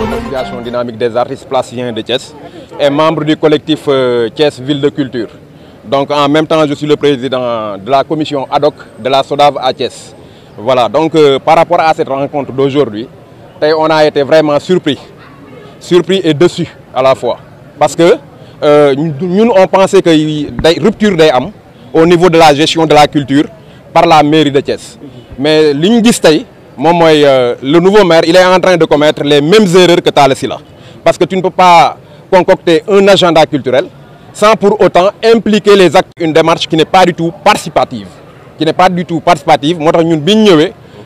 L'association dynamique des artistes plasticiens de Thiès et membre du collectif euh, Thiès Ville de Culture. Donc en même temps, je suis le président de la commission ad hoc de la SODAV à Thiès. Voilà, donc euh, par rapport à cette rencontre d'aujourd'hui, on a été vraiment surpris. Surpris et dessus à la fois. Parce que euh, nous, on pensait qu'il y a des ruptures des âmes au niveau de la gestion de la culture par la mairie de Thiès. Mais l'indice euh, le nouveau maire il est en train de commettre les mêmes erreurs que laissé là, parce que tu ne peux pas concocter un agenda culturel sans pour autant impliquer les actes une démarche qui n'est pas du tout participative qui n'est pas du tout participative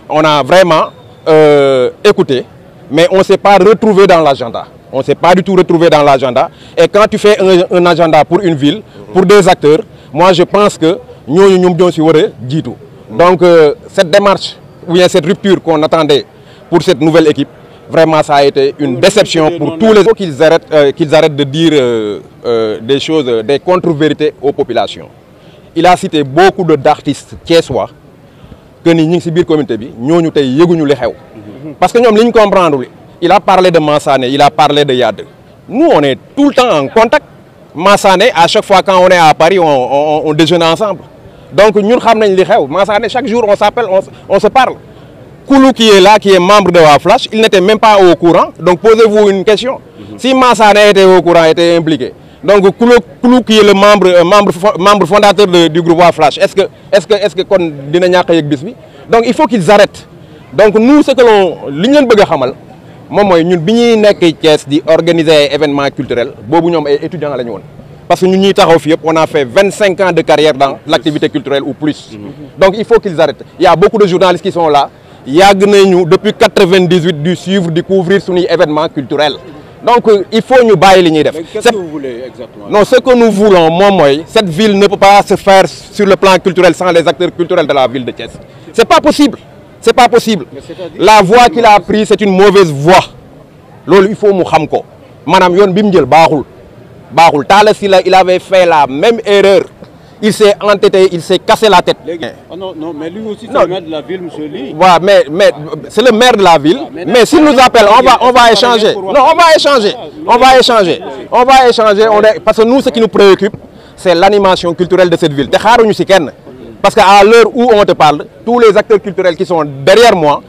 on a vraiment euh, écouté mais on s'est pas retrouvé dans l'agenda on s'est pas du tout retrouvé dans l'agenda et quand tu fais un, agenda pour une ville pour des acteurs moi je pense que nous, ñoom ñoo si donc euh, cette démarche ou bien cette rupture qu'on attendait pour cette nouvelle équipe, vraiment ça a été une oh, déception pour tous les autres qu'ils arrêtent, euh, qu'ils arrêtent de dire euh, euh, des choses, des contre-vérités aux populations. Il a cité beaucoup d'artistes qui soient que nous sommes dans communauté, nous sommes Parce que nous ne comprenons Il a parlé de Massané, il a parlé de Yad. Nous, on est tout le temps en contact. Massané, à chaque fois quand on est à Paris, on, on déjeune ensemble. Donc nous savons chaque jour on s'appelle, on, on, se parle. Koulou qui est là, qui est membre de Waflash, il n'était même pas au courant. Donc posez-vous une question. Mhm. Si Massane était au courant, était impliqué. Donc Koulou, Koulou qui est le membre, euh, membre, membre fondateur de, du groupe Waflash, est-ce que est-ce que est-ce que Donc il faut qu'ils arrêtent. Donc nous ce que l'on l'union de Hamal, moi nous avons organisé des événements culturels, nous étudiants parce que nous, on a fait 25 ans de carrière dans l'activité culturelle ou plus. Mhm. Donc il faut qu'ils arrêtent. Il y a beaucoup de journalistes qui sont là. Il y a depuis 1998 du suivre, découvrir son événement culturel. Donc il faut nous bailler les Qu'est-ce que vous voulez exactement Non, ce que nous voulons, moi, moi, cette ville ne peut pas se faire sur le plan culturel sans les acteurs culturels de la ville de Thiès. C'est pas possible. C'est pas possible. La voie qu'il a prise, c'est une mauvaise voie. il faut nous Madame Yon Baroul il avait fait la même erreur il s'est entêté il s'est cassé la tête. Eh. Ah non mais lui aussi c'est le maire de la ville monsieur mais c'est le maire de la ville. Ah, mais s'il nous appelle on va on va échanger. non ah, on va échanger on va échanger on va échanger on parce que nous ce qui nous préoccupe c'est l'animation culturelle de cette ville parce qu'à l'heure où on te parle tous les acteurs culturels qui sont derrière moi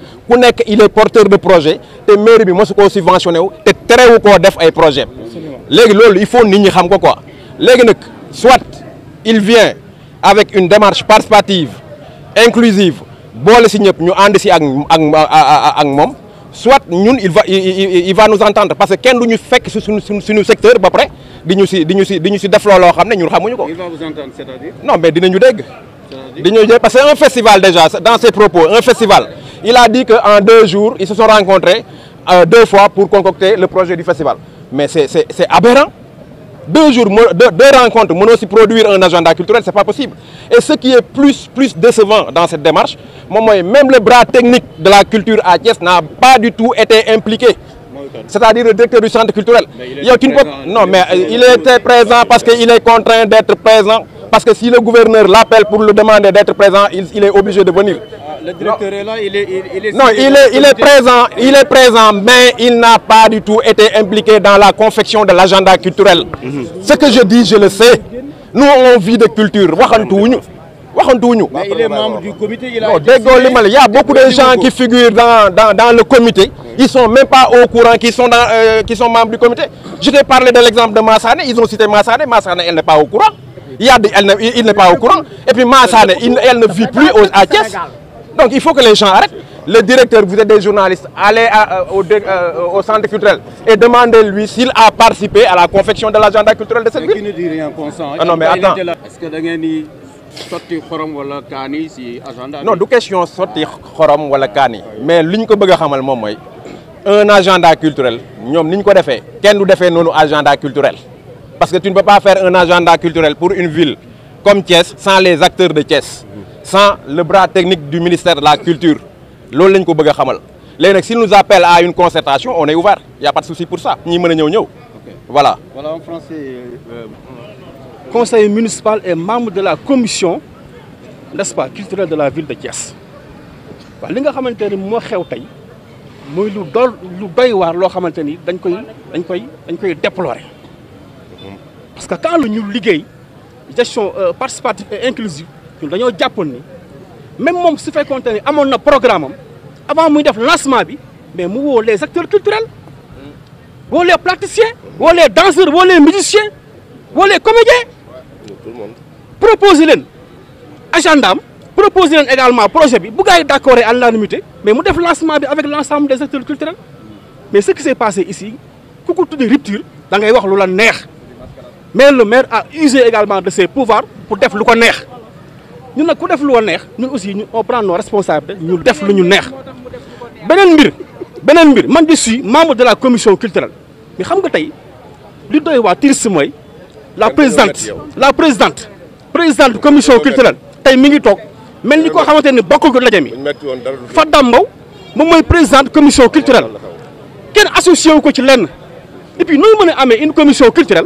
il est porteur de projet et mairie bi subventionné très très def projets il faut que ñi xam ko quoi soit il vient avec une démarche participative inclusive bolé si ñep ñu and ci ak soit il va nous entendre parce que kenn du ñu fekk si suñu secteur ba après di ñu def il va vous entendre c'est-à-dire. non mais dinañu dégg. nous entendre, parce que un festival déjà dans ses propos un festival il a dit qu'en deux jours ils se sont rencontrés euh, deux fois pour concocter le projet du festival. Mais c'est aberrant. Deux, jours, deux, rencontres, monosy aussi produire un agenda culturel, ce n'est pas possible. Et ce qui est plus, plus décevant dans cette démarche, même le bras technique de la culture à Thiès n'a pas du tout été impliqué. C'est-à-dire le directeur du centre culturel. il, Non, mais il était présent parce qu'il est contraint d'être présent. Parce que si le gouverneur l'appelle pour le demander d'être présent, il est obligé de venir le directeur est là, il est... Il est non, il est, présent, il est présent, mais il n'a pas du tout été impliqué dans la confection de l'agenda culturel. Mhm. Ce que je dis, je le sais. Nous, on vit de culture. il est membre du comité. Il, a il y a beaucoup de gens qui figurent dans, le comité. Ils ne sont même pas au courant qu'ils sont, euh, qui sont membres du comité. Je t'ai parlé de l'exemple de Massane. Ils ont cité Massane. Massane, elle n'est pas au courant. Il, n'est pas au courant. Et puis Massane, elle, ne vit plus à Thiès. Donc il faut que les gens arrêtent. Le directeur, vous êtes des journalistes, allez euh, euh, au, centre culturel et demandez-lui s'il a participé à la confection de l'agenda culturel de cette mais ville. Qui ne dit rien, consent. Hein? Ah non, mais attends. Est-ce que sotti xorom wala kaani si non de question sotti xorom wala kaani mais li ñu ko bëgg xamal un agenda culturel nous ni ñu ko Quel nous du fait un agenda culturel parce que tu ne peux pas faire un agenda culturel pour une ville comme Thiès sans les acteurs de Thiès sans le bras technique du ministère de la Culture. C'est ce ko bëgg nous appelle à une concertation on est ouvert il n'y a pas de souci pour ça ñi peuvent voilà. voilà en français. Euh, conseiller municipal et membre de la commission nest culturelle de la ville de Thiès. li nga xew lu dol lu parce que quand lu ñu liggéey gestion euh, participative et inclusive ñun dañoo jàppoon ni même moom su fait contenter. amoon programme avant muy def lancement bi mais mu woo les acteurs culturels les praticiens les danseurs les musiciens les comédiens proposer leen agenda am proposer leen également projet bi Vous gars yi d'accord à l'unanimité mais mu def lancement avec l'ensemble des acteurs culturels mais ce qui s'est passé ici ku ko tudde rupture da ngay wax lu la mais le maire a usé également de ses pouvoirs pour def lu ko nous, nag ku def lu Nous aussi on prend nos responsabilités ñu def lu ñu neex Benen mbir benen mbir man je suis membre de la commission culturelle mais xam nga ce li doy waa triste mooy la présidente la présidente présidente commission culturelle tey mi ngi toog mel ni koo xamante ne bokkul laja mi Fadda présidente commission culturelle kenn associé wu ko et puis nous mën a une commission culturelle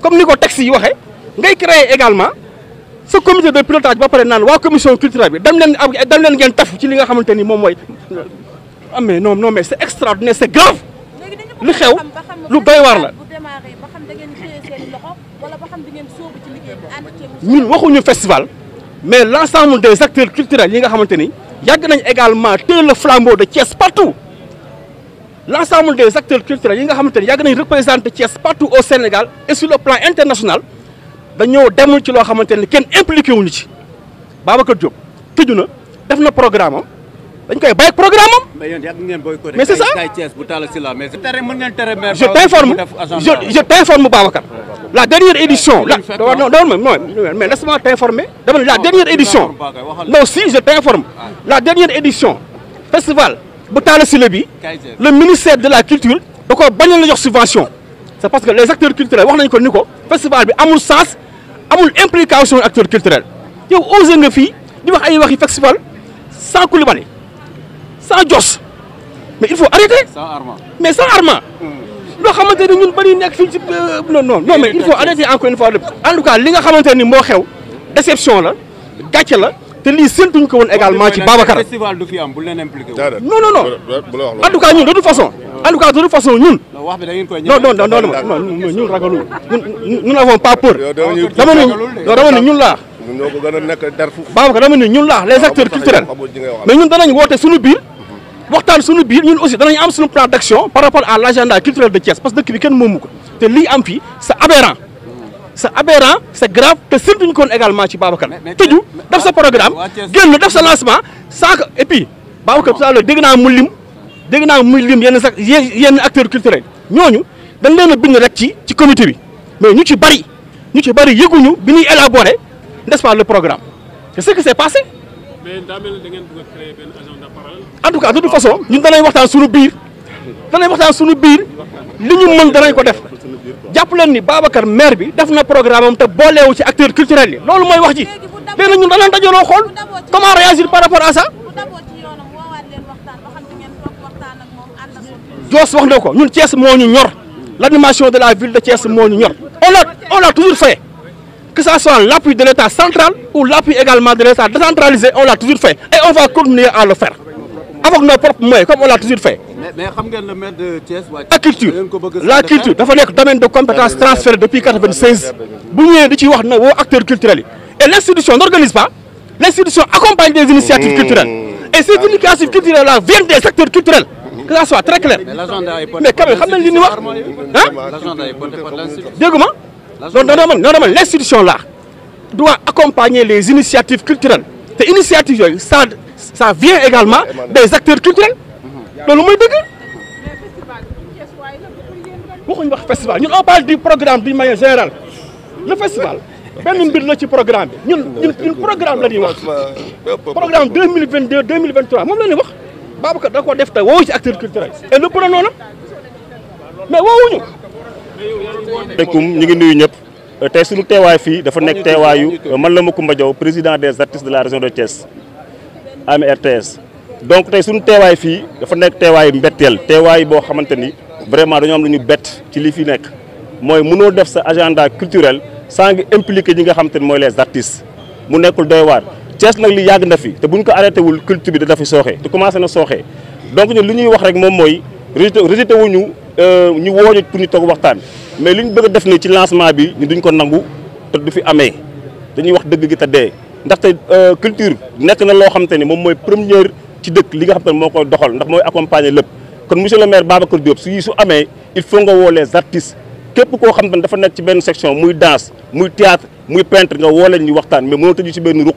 comme nous ko dit yi waxee ngay créer également ce comité de pilotage ba pare nan, waa commission culturelle bi dem leen dem leen ngeen taf ci li nga xamante ni ah mais non non mais c'est extraordinaire c'est grave Le xew lu doy waar la ñun un festival mais l'ensemble des acteurs culturels yi nga xamante ni nañ également téye le flambeau de Thiès partout L'ensemble des acteurs culturels yi nga xamante ni yàgg nañ représenté Thiès partout au Sénégal et sur le plan international dañoo demul ci loo xamante ne kenn impliqué wuñu ci Babacar Diop tëju na def na programme am dañ koy bàyyi programme am. mais yéen yàgg ngeen boycotté. mais c'est ça Mais je t'informe je t'informe Babacar. la dernière édition non non non mais laisse-moi t'informer. dama la dernière édition non si je t'informe la dernière édition festival bu Talla le ministère de la culture da ko bañ la jox subvention. c'est parce que les acteurs culturels wax nañu ko ni ko festival bi amul sens amul implication acteur culturel yow osé nga fi di wax ay waxi festival sans Koulibaly sans joss. mais il faut arrêter. sans armes. mais sans armes. lo xamanteni ñun bari nek fi ci euh, non non non mais il faut arrêter encore une fois en tout cas li nga xamanteni mo xew déception la gatché la te li sentuñ ko woon également ci Babacar. festival du fi am bu len impliqué non non non en tout cas ñun de toute façon en tout cas de toute façon ñun. Non non non non non nous n'avons pas peur. nous ni les acteurs culturels mais ñun non mhm. non aussi plan non par rapport à l'agenda culturel de Thiès parce que bi non non ko non non am aberrant grave non non non également ci non non non sa programme non def sa lancement et puis non tout non non dégg naa muy lim yenn sax yenn acteurs culturels ñooñu dañ leen a bind rek ci ci comité bi mais ñu ci bari ñu ci bari yëguñu bi ñuy élaborer n'est-ce pas le programme c'est ce qui s'est passé. da ngeen en tout cas de toute façon ñun danay waxtaan suñu biir danay waxtaan sunu biir li ñu mën danañ ko def jàpp leen ni Babacar maire bi def na programme am te booleewu ci acteurs culturels yi loolu mooy wax ji léegi ñu ñun danañ dajaloo xool comment réagir par rapport à ça. Nous wax na ko ñun l'animation de la ville de Thiès on l'a on toujours fait que ce soit l'appui de l'État central ou l'appui également de l'État décentralisé on l'a toujours fait et on va continuer à le faire avec nos propres moyens comme on l'a toujours fait. mais mais xam le maire de Thiès la culture la culture que le domaine de compétences transféré depuis 1996. bu faut di ci wax na acteurs culturels et l'institution n'organise pas l'institution accompagne des initiatives mmh. culturelles et ces initiatives culturelles là viennent des secteurs culturels que ça soit très clair mais quand même vous savez li là doit accompagner les initiatives culturelles les initiatives ça vient également des acteurs culturels que je veux le festival on parle du programme du manière générale le festival ben mbir programme le ñun programme la 2023 programme 2022 2023 Babacar da ko def te woowu ci acteur culturel et lépp na noonu mais woowuñu. asalaamaaleykum ñu ngi nuyu ñëpp tey suñu teewaay fii dafa nekk teewaayu man la Macoumba Diaw président des artistes de la région de Thiès am donc tey suñu teewaay fii dafa nekk teewaayu mbetteel teewaay boo xamante ni vraiment dañoo am lu ñu bett ci li fi nekk mooy mënoo def sa agenda culturel sang nga impliquer ñi nga xamante ni mooy les artistes mu nekkul doy waar Thiès nag li yàgg na fi te buñ ko arrêté wul culture bi dina fi sooxee te commencé na soxé donc ñun li wax rek mom moy rejeté rejeté euh ñu woñu pour ñu tok waxtaan mais liñ bëgg def nii ci lancement bi ñu duñ ko nangu te du fi amé dañuy wax dëgg gi te ndax ndaxte euh, culture nek na lo xamanteni mom moy moom première ci dëkk li nga xamanteni moko doxal ndax moy accompagner lepp kon monsieur le maire Babacar Diop su yi su amé il faut nga wo les artistes képp koo xam ne dafa nekk ci benn section muy danse muy théâtre muy peintre nga woo leen ñu waxtaan mais mënoo tëju ci benn ruq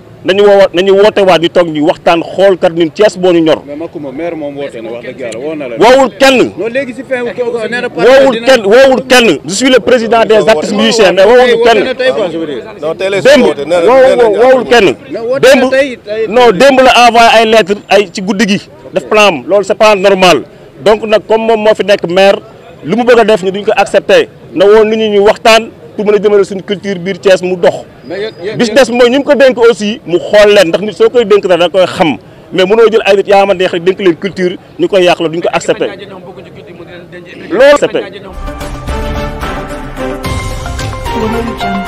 nañu woo nañu woote waa ñu toog ñu waxtaan xool kat ñun Thiès boo ñu ñor. mais Macoumba moom woote na wax dëgg yàlla woowul kenn. non léegi si fin woowul kenn woowul kenn. je suis le président des artistes musiciens mais woowul kenn. non tey lay soo woote nee woowul démb non démb la envoyé ay lettres ay ci guddi gi. def plan am loolu c'est pas normal. donc nag comme moom moo fi nekk maire lu mu bëgg a def ñu duñ ko accepté na woon nit ñu ñu waxtaan pour mën a jëmale suñu culture biir Thiès mu dox. bi mooy ñu mu ko dénk aussi mu xool leen ndax nit soo koy dénk da nga koy xam mais mënoo jël ay nit yaa ma neex rek dénk leen culture ñu koy yàq la duñ ko accepté loolu